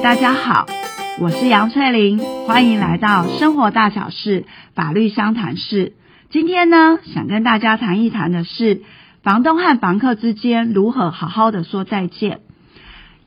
大家好，我是楊翠玲，歡迎來到生活大小事法律相談室。今天呢，想跟大家談一談的是，房東和房客之間如何好好的說再見。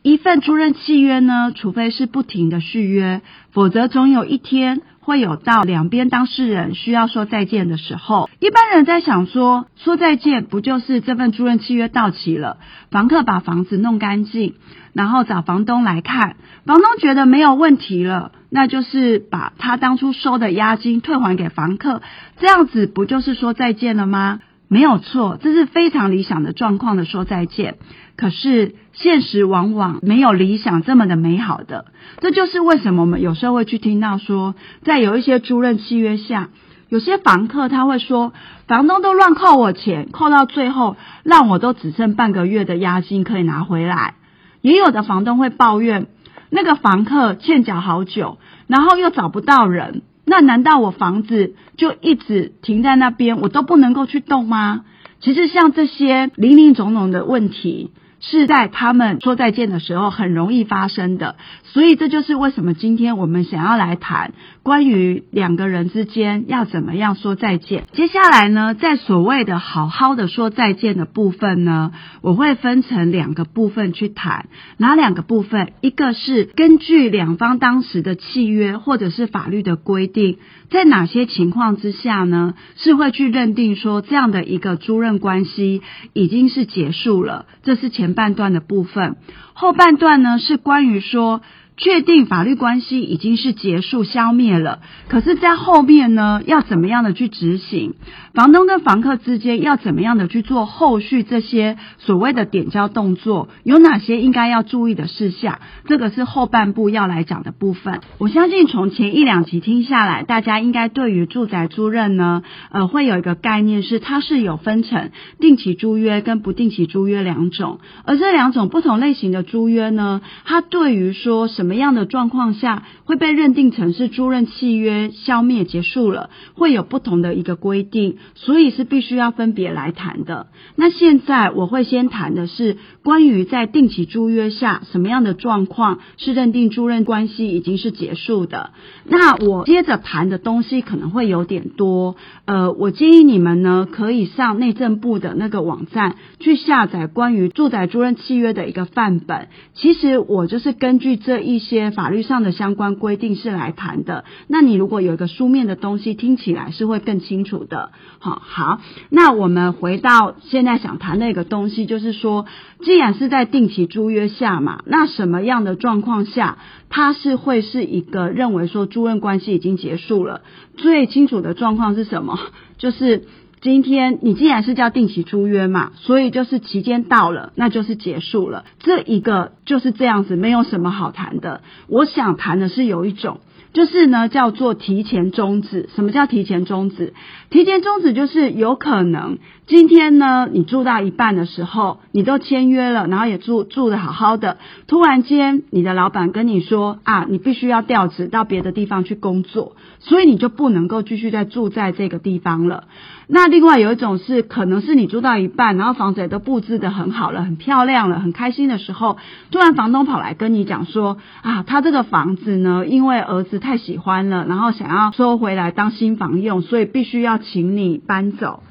一份租賃契約呢，除非是不停的續約，否則總有一天。會有到兩邊當事人需要說再見的時候，一般人在想說，說再見不就是這份租賃契約到期了，房客把房子弄乾淨，然後找房東來看，房東覺得沒有問題了，那就是把他當初收的押金退還給房客，這樣子不就是說再見了嗎？沒有錯，這是非常理想的狀況的說再見，可是。現實往往沒有理想這麼的美好的，這就是為什麼我們有時候會去聽到說，在有一些租賃契約下，有些房客他會說，房東都亂扣我錢，扣到最後讓我都只剩半個月的押金可以拿回來。也有的房東會抱怨，那個房客欠繳好久，然後又找不到人，那難道我房子就一直停在那邊，我都不能夠去動嗎？其實像這些林林總總的問題。是在他們說再見的時候，很容易發生的。所以這就是為什麼今天我們想要來談關於兩個人之間要怎麼樣說再見。接下來呢，在所謂的好好的說再見的部分呢，我會分成兩個部分去談。哪兩個部分？一個是根據兩方當時的契約或者是法律的規定，在哪些情況之下呢，是會去認定說這樣的一個租賃關係已經是結束了。這是前半段的部分，後半段呢是關於說。確定法律關係已經是結束消滅了，可是，在後面呢，要怎麼樣的去執行？房東跟房客之間要怎麼樣的去做後續這些所謂的點交動作？有哪些應該要注意的事項？這個是後半部要來講的部分。我相信從前一兩集聽下來，大家應該對於住宅租賃呢，呃，會有一個概念是它是有分成定期租約跟不定期租約兩種，而這兩種不同類型的租約呢，它對於說什麼？什麼樣的狀況下會被認定成是租賃契約消滅結束了，會有不同的一個規定，所以是必須要分別來談的。那現在我會先談的是關於在定期租約下，什麼樣的狀況是認定租賃關係已經是結束的。那我接着談的東西可能會有點多，呃，我建議你們呢可以上內政部的那個網站去下載關於住宅租賃契約的一個範本。其實我就是根據這一。一些法律上的相關規定是來談的，那你如果有一個書面的東西，聽起來是會更清楚的。好、哦，好，那我們回到現在想談的一個東西，就是說，既然是在定期租約下嘛，那什麼樣的狀況下，它是會是一個認為說租賃關係已經結束了？最清楚的狀況是什麼？就是。今天你既然是叫定期租約嘛，所以就是期間到了，那就是結束了。這一個就是這樣子，沒有什麼好談的。我想談的是有一種，就是呢叫做提前終止。什麼叫提前終止？提前終止就是有可能今天呢你住到一半的時候，你都簽約了，然後也住住得好好的，突然間你的老闆跟你說啊，你必須要調職到別的地方去工作，所以你就不能夠繼續再住在這個地方了。那另外有一種是，可能是你租到一半，然後房子也都布置得很好了、很漂亮了、很開心的時候，突然房東跑來跟你講說：“啊，他這個房子呢，因為兒子太喜歡了，然後想要收回來當新房用，所以必須要請你搬走。”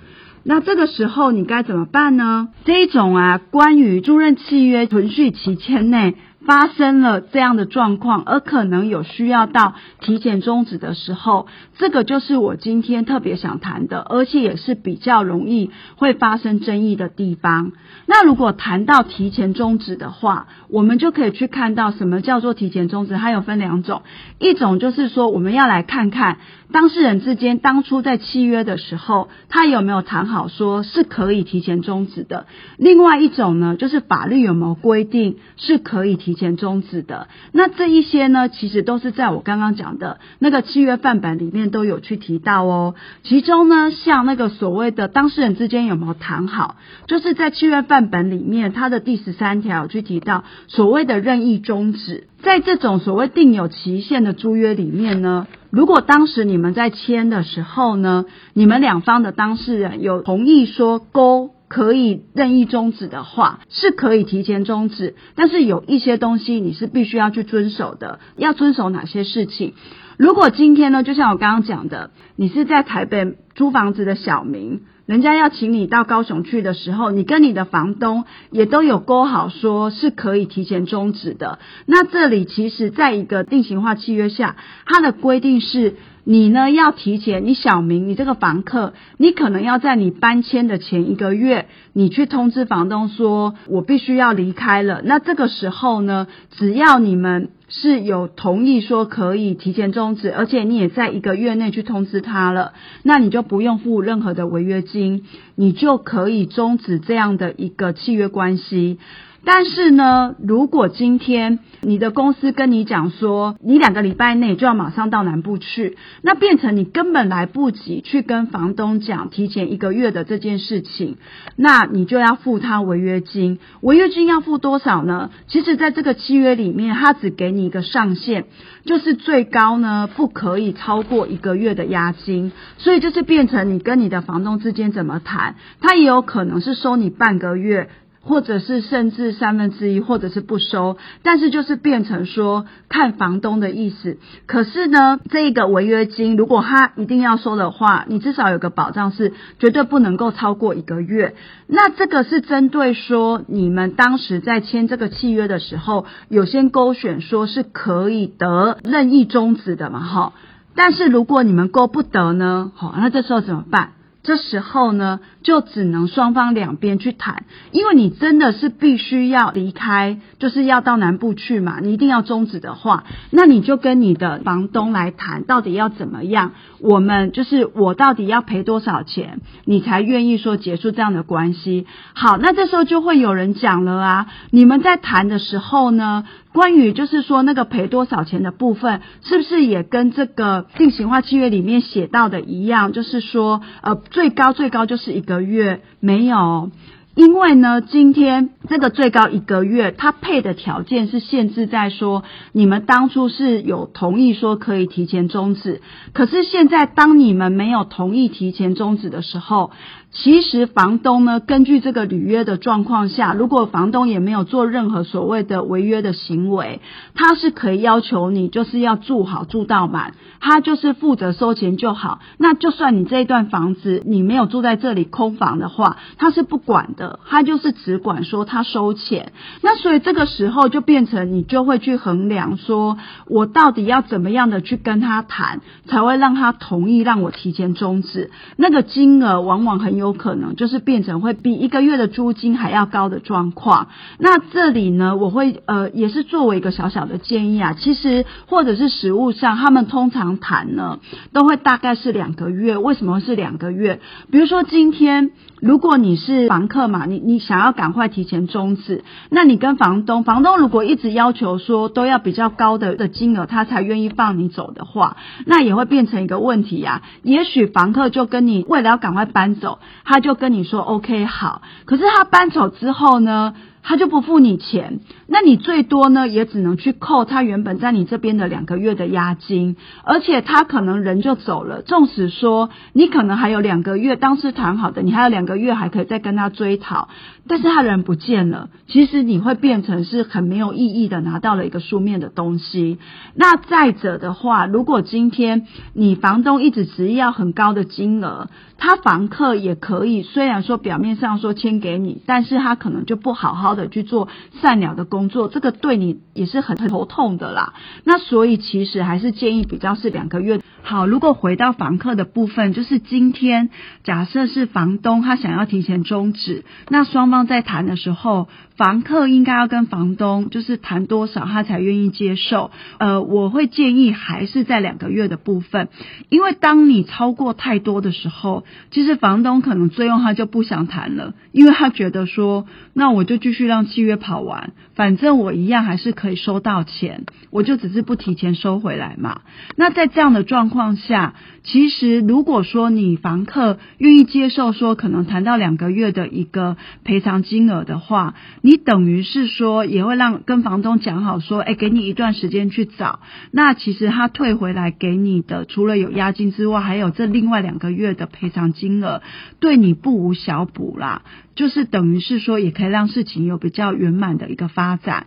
那這個時候你該怎麼辦呢？這一種啊，關於租賃契約存續期間內。發生了這樣的狀況，而可能有需要到提前終止的時候，這個就是我今天特別想談的，而且也是比較容易會發生爭議的地方。那如果談到提前終止的話，我們就可以去看到什麼叫做提前終止，它有分兩種，一種就是說我們要來看看當事人之間當初在契約的時候，他有沒有談好說是可以提前終止的；另外一種呢，就是法律有沒有規定是可以提前終止的。前終止的，那這一些呢，其實都是在我剛剛講的那個契約範本裡面都有去提到哦。其中呢，像那個所謂的當事人之間有沒有談好，就是在契約範本裡面，它的第十三條去提到所謂的任意終止，在這種所謂定有期限的租約裡面呢，如果當時你們在簽的時候呢，你們兩方的當事人有同意說勾。可以任意終止的話，是可以提前終止。但是有一些東西你是必須要去遵守的，要遵守哪些事情？如果今天呢，就像我剛剛講的，你是在台北租房子的小明。人家要請你到高雄去的時候，你跟你的房東也都有勾好，說是可以提前終止的。那這裡其實在一個定型化契約下，它的規定是，你呢要提前，你小明，你這個房客，你可能要在你搬遷的前一個月，你去通知房東說，我必須要離開了。那這個時候呢，只要你們。是有同意說可以提前終止，而且你也在一個月內去通知他了，那你就不用付任何的違約金，你就可以終止這樣的一個契約關係。但是呢，如果今天你的公司跟你講說，你兩個禮拜內就要馬上到南部去，那變成你根本來不及去跟房東講提前一個月的這件事情，那你就要付他違約金。違約金要付多少呢？其實，在這個契約裡面，他只給你一個上限，就是最高呢不可以超過一個月的押金。所以，就是變成你跟你的房東之間怎麼談，他也有可能是收你半個月。或者是甚至三分之一，或者是不收，但是就是變成說看房東的意思。可是呢，這個違約金如果他一定要收的話，你至少有個保障是絕對不能夠超過一個月。那這個是針對說你們當時在簽這個契約的時候有先勾選說是可以得任意終止的嘛？哈，但是如果你們勾不得呢？好，那這時候怎麼辦？這時候呢？就只能雙方兩邊去談，因為你真的是必須要離開，就是要到南部去嘛。你一定要終止的話，那你就跟你的房東來談，到底要怎麼樣？我們就是我到底要賠多少錢，你才願意說結束這樣的關係？好，那這時候就會有人講了啊，你們在談的時候呢，關於就是說那個賠多少錢的部分，是不是也跟這個定型化契約裡面寫到的一樣？就是說，呃，最高最高就是一個。個月沒有，因為呢，今天這、那個最高一個月，它配的條件是限制在說，你們當初是有同意說可以提前終止，可是現在當你們沒有同意提前終止的時候。其實房東呢，根據這個履約的狀況下，如果房東也沒有做任何所謂的違約的行為，他是可以要求你就是要住好住到滿，他就是負責收錢就好。那就算你這一段房子你沒有住在這裡空房的話，他是不管的，他就是只管說他收錢。那所以這個時候就變成你就會去衡量說，我到底要怎麼樣的去跟他談，才會讓他同意讓我提前終止。那個金額往往很。有可能就是變成會比一個月的租金還要高的狀況。那這裡呢，我會呃，也是作為一個小小的建議啊。其實或者是實務上，他們通常談呢，都會大概是兩個月。為什麼是兩個月？比如說今天，如果你是房客嘛，你你想要趕快提前終止，那你跟房東，房東如果一直要求說都要比較高的的金額，他才願意放你走的話，那也會變成一個問題呀、啊。也許房客就跟你為了要趕快搬走。他就跟你說 “OK，好”，可是他搬走之後呢？他就不付你錢，那你最多呢，也只能去扣他原本在你這邊的兩個月的押金，而且他可能人就走了。縱使說你可能還有兩個月，當時談好的，你還有兩個月還可以再跟他追討，但是他人不見了，其實你會變成是很沒有意義的拿到了一個書面的東西。那再者的話，如果今天你房東一直執意要很高的金額，他房客也可以，雖然說表面上說簽給你，但是他可能就不好好的去做善良的工作，這個對你也是很頭痛的啦。那所以其實還是建議比較是兩個月。好，如果回到房客的部分，就是今天假設是房東他想要提前終止，那雙方在談的時候，房客應該要跟房東就是談多少他才願意接受。呃，我會建議還是在兩個月的部分，因為當你超過太多的時候，其實房東可能最後他就不想談了，因為他覺得說，那我就繼續讓契約跑完，反正我一樣還是可以收到錢，我就只是不提前收回來嘛。那在這樣的狀況下，其實如果說你房客願意接受說可能談到兩個月的一個賠償金額的話，你等於是說也會讓跟房東講好說，欸，給你一段時間去找。那其實他退回來給你的，除了有押金之外，還有這另外兩個月的賠償金額，對你不無小補啦。就是等於是說，也可以讓事情有比較圓滿的一個發展。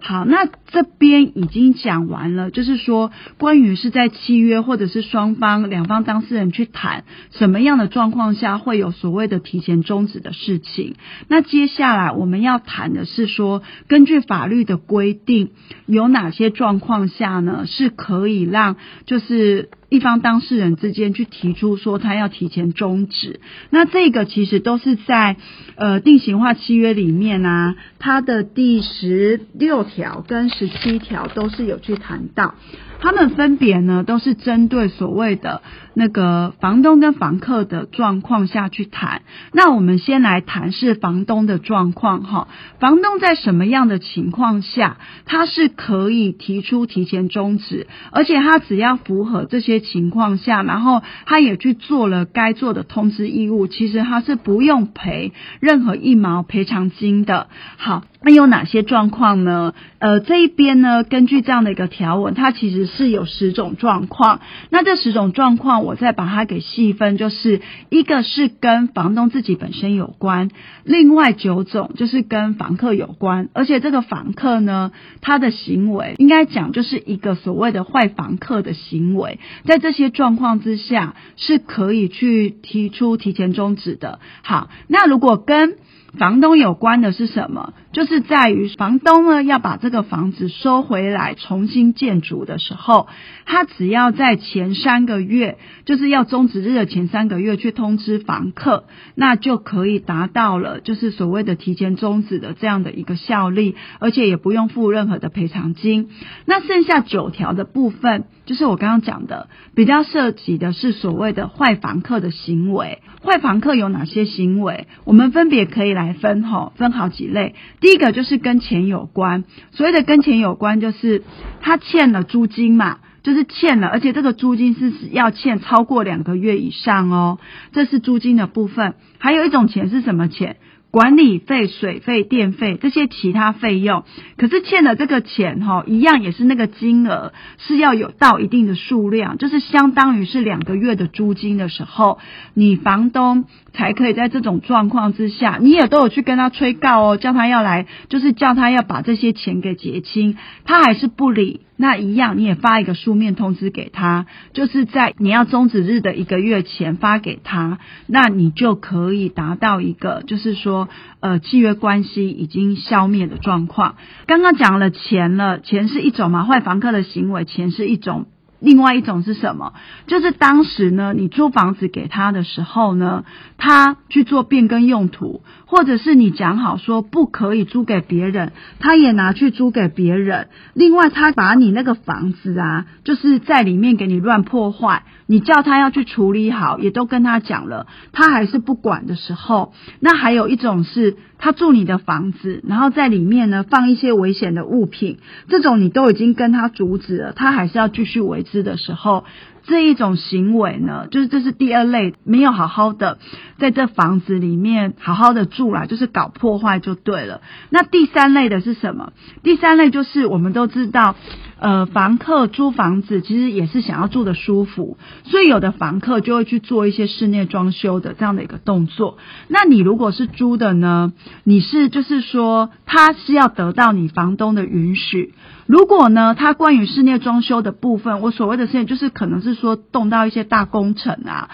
好，那這邊已經講完了，就是說關於是在契約或者是雙方兩方當事人去談什麼樣的狀況下會有所謂的提前終止的事情。那接下來我們要談的是說，根據法律的規定，有哪些狀況下呢，是可以讓就是。一方當事人之間去提出說他要提前終止，那這個其實都是在呃定型化契約裡面啊，他的第十六條跟十七條都是有去談到。他們分別呢，都是針對所謂的那個房東跟房客的狀況下去談。那我們先來談是房東的狀況哈。房東在什麼樣的情況下，他是可以提出提前終止，而且他只要符合這些情況下，然後他也去做了該做的通知義務，其實他是不用賠任何一毛賠償金的。好。那有哪些狀況呢？呃，這一邊呢，根據這樣的一個條文，它其實是有十種狀況。那這十種狀況，我再把它給細分，就是一個是跟房東自己本身有關，另外九種就是跟房客有關。而且這個房客呢，他的行為應該講就是一個所謂的壞房客的行為，在這些狀況之下是可以去提出提前終止的。好，那如果跟房東有關的是什麼？就是在於房東呢，要把這個房子收回來重新建築的時候，他只要在前三個月，就是要終止日的前三個月去通知房客，那就可以達到了就是所謂的提前終止的這樣的一個效力，而且也不用付任何的賠償金。那剩下九條的部分，就是我剛剛講的比較涉及的是所謂的壞房客的行為。壞房客有哪些行為？我們分別可以來分吼，分好幾類。第第一個就是跟錢有關，所謂的跟錢有關，就是他欠了租金嘛，就是欠了，而且這個租金是要欠超過兩個月以上哦，這是租金的部分。還有一種錢是什麼錢？管理費、水費、電費這些其他費用，可是欠的這個錢哈、哦，一樣也是那個金額是要有到一定的數量，就是相當於是兩個月的租金的時候，你房東。才可以在這種狀況之下，你也都有去跟他催告哦，叫他要來，就是叫他要把這些錢給結清，他還是不理，那一樣你也發一個書面通知給他，就是在你要終止日的一個月前發給他，那你就可以達到一個就是說，呃，契約關係已經消滅的狀況。剛剛講了錢了，錢是一種嘛，壞房客的行為，錢是一種。另外一種是什麼？就是當時呢，你租房子給他的時候呢，他去做變更用途，或者是你講好說不可以租給別人，他也拿去租給別人。另外，他把你那個房子啊，就是在裡面給你亂破壞，你叫他要去處理好，也都跟他講了，他還是不管的時候。那還有一種是他住你的房子，然後在裡面呢放一些危險的物品，這種你都已經跟他阻止了，他還是要繼續維持。吃的時候。這一種行為呢，就是這是第二類，沒有好好的在這房子裡面好好的住啦，就是搞破壞就對了。那第三類的是什麼？第三類就是我們都知道，呃，房客租房子其實也是想要住得舒服，所以有的房客就會去做一些室內裝修的這樣的一個動作。那你如果是租的呢，你是就是說他是要得到你房東的允許。如果呢，他關於室內裝修的部分，我所謂的事情就是可能是。說動到一些大工程啊，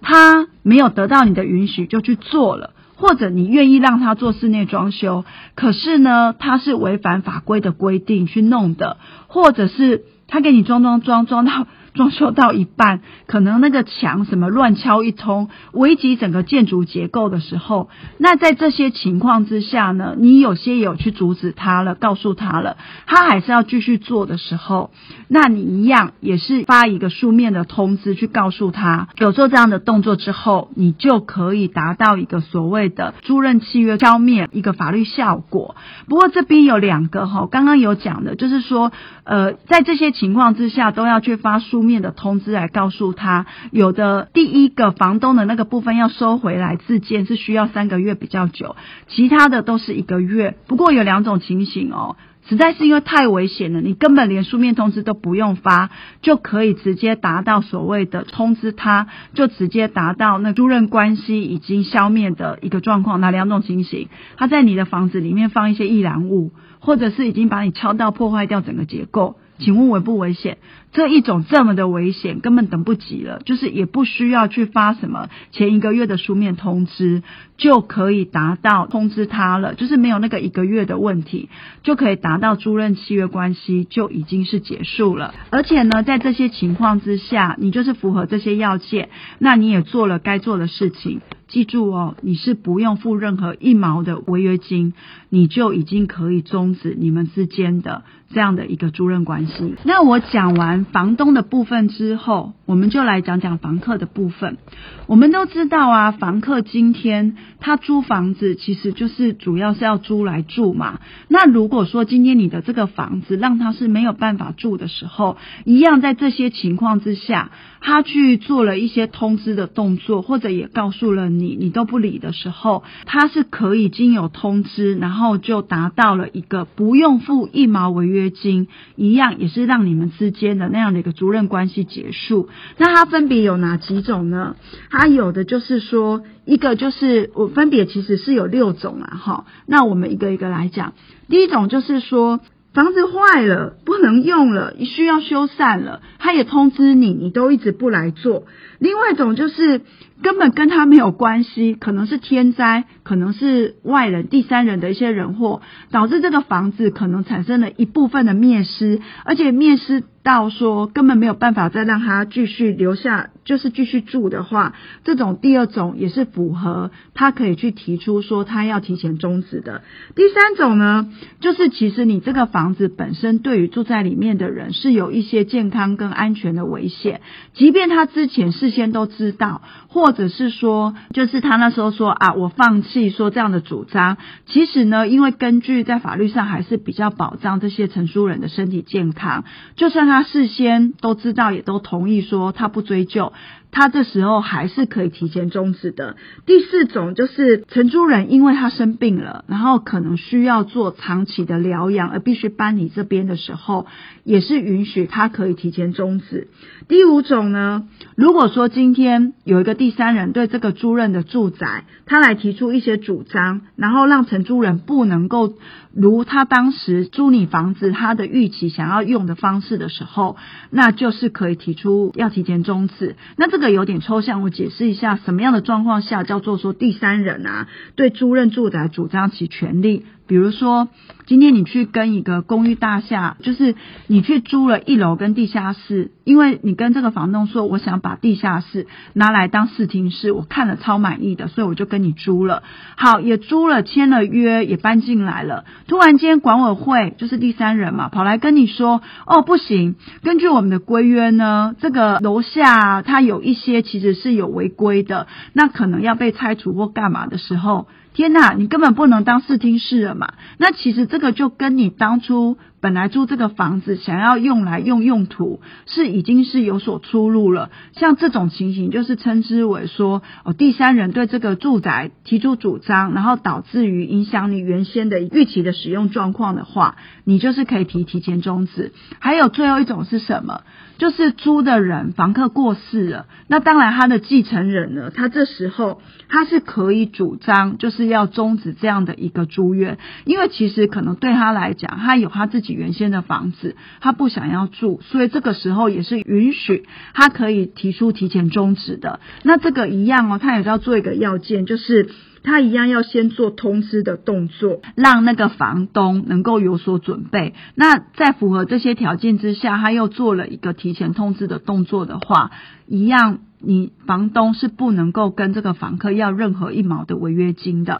他沒有得到你的允許就去做了，或者你願意讓他做室內裝修，可是呢，他是違反法規的規定去弄的，或者是他給你裝裝裝裝到。裝修到一半，可能那個牆什麼亂敲一通，危及整個建築結構的時候，那在這些情況之下呢，你有些有去阻止他了，告訴他了，他還是要繼續做的時候，那你一樣也是發一個書面的通知去告訴他，有做這樣的動作之後，你就可以達到一個所謂的租賃契約消滅一個法律效果。不過這邊有兩個哈、哦，剛剛有講的就是說，呃，在這些情況之下都要去發書。面的通知來告訴他。有的第一個房東的那個部分要收回來自建，是需要三個月比較久，其他的都是一個月。不過有兩種情形哦，實在是因為太危險了，你根本連書面通知都不用發，就可以直接達到所謂的通知他，就直接達到那租賃關係已經消滅的一個狀況。哪兩種情形？他在你的房子裡面放一些易燃物，或者是已經把你敲掉破壞掉整個結構。請問危不危險？這一種這麼的危險，根本等不及了，就是也不需要去發什麼前一個月的書面通知，就可以達到通知他了，就是沒有那個一個月的問題，就可以達到租賃契約關係就已經是結束了。而且呢，在這些情況之下，你就是符合這些要件，那你也做了該做的事情，記住哦，你是不用付任何一毛的違約金，你就已經可以終止你們之間的。這樣的一個租賃關係。那我講完房東的部分之後，我們就來講講房客的部分。我們都知道啊，房客今天他租房子其實就是主要是要租來住嘛。那如果說今天你的這個房子讓他是沒有辦法住的時候，一樣在這些情況之下，他去做了一些通知的動作，或者也告訴了你，你都不理的時候，他是可以經由通知，然後就達到了一個不用付一毛違約金，一樣也是讓你們之間的那樣的一個租賃關係結束。那它分別有哪幾種呢？它有的就是說，一個就是我分別其實是有六種啦、啊，哈。那我們一個一個來講。第一種就是說，房子壞了不能用了，需要修繕了，它也通知你，你都一直不來做。另外一種就是根本跟他沒有關係，可能是天災，可能是外人、第三人的一些人禍，導致這個房子可能產生了一部分的滅失，而且滅失。到說根本沒有辦法再讓他繼續留下，就是繼續住的話，這種第二種也是符合他可以去提出說他要提前終止的。第三種呢，就是其實你這個房子本身對於住在裡面的人是有一些健康跟安全的危險，即便他之前事先都知道，或者是說就是他那時候說，啊，我放棄說這樣的主張，其實呢，因為根據在法律上還是比較保障這些承租人的身體健康，就算、是。他事先都知道，也都同意說他不追究。他這時候還是可以提前終止的。第四種就是承租人因為他生病了，然後可能需要做長期的療養而必須搬離這邊的時候，也是允許他可以提前終止。第五種呢，如果說今天有一個第三人對這個租賃的住宅，他來提出一些主張，然後讓承租人不能夠如他當時租你房子他的預期想要用的方式的時候，那就是可以提出要提前終止。那這個。有點抽象，我解釋一下，什麼樣的狀況下叫做說第三人啊，對租賃住宅主張其權利。比如說，今天你去跟一個公寓大廈，就是你去租了一樓跟地下室，因為你跟這個房東說，我想把地下室拿來當視聽室，我看了超滿意的，所以我就跟你租了。好，也租了，簽了約，也搬進來了。突然間，管委會就是第三人嘛，跑來跟你說，哦，不行，根據我們的規約呢，這個樓下它有一些其實是有違規的，那可能要被拆除或幹嘛的時候。天吶，你根本不能當視聽室了嘛。那其實這個就跟你當初本來住這個房子，想要用來用用途，是已經是有所出入了。像這種情形，就是稱之為說哦，第三人對這個住宅提出主張，然後導致於影響你原先的預期的使用狀況的話，你就是可以提提前終止。還有最後一種是什麼？就是租的人，房客過世了，那當然他的繼承人呢，他這時候他是可以主張，就是要終止這樣的一個租約，因為其實可能對他來講，他有他自己原先的房子，他不想要住，所以這個時候也是允許他可以提出提前終止的。那這個一樣哦，他也是要做一個要件，就是。他一樣要先做通知的動作，讓那個房東能夠有所準備。那在符合這些條件之下，他又做了一個提前通知的動作的話，一樣，你房東是不能夠跟這個房客要任何一毛的違約金的。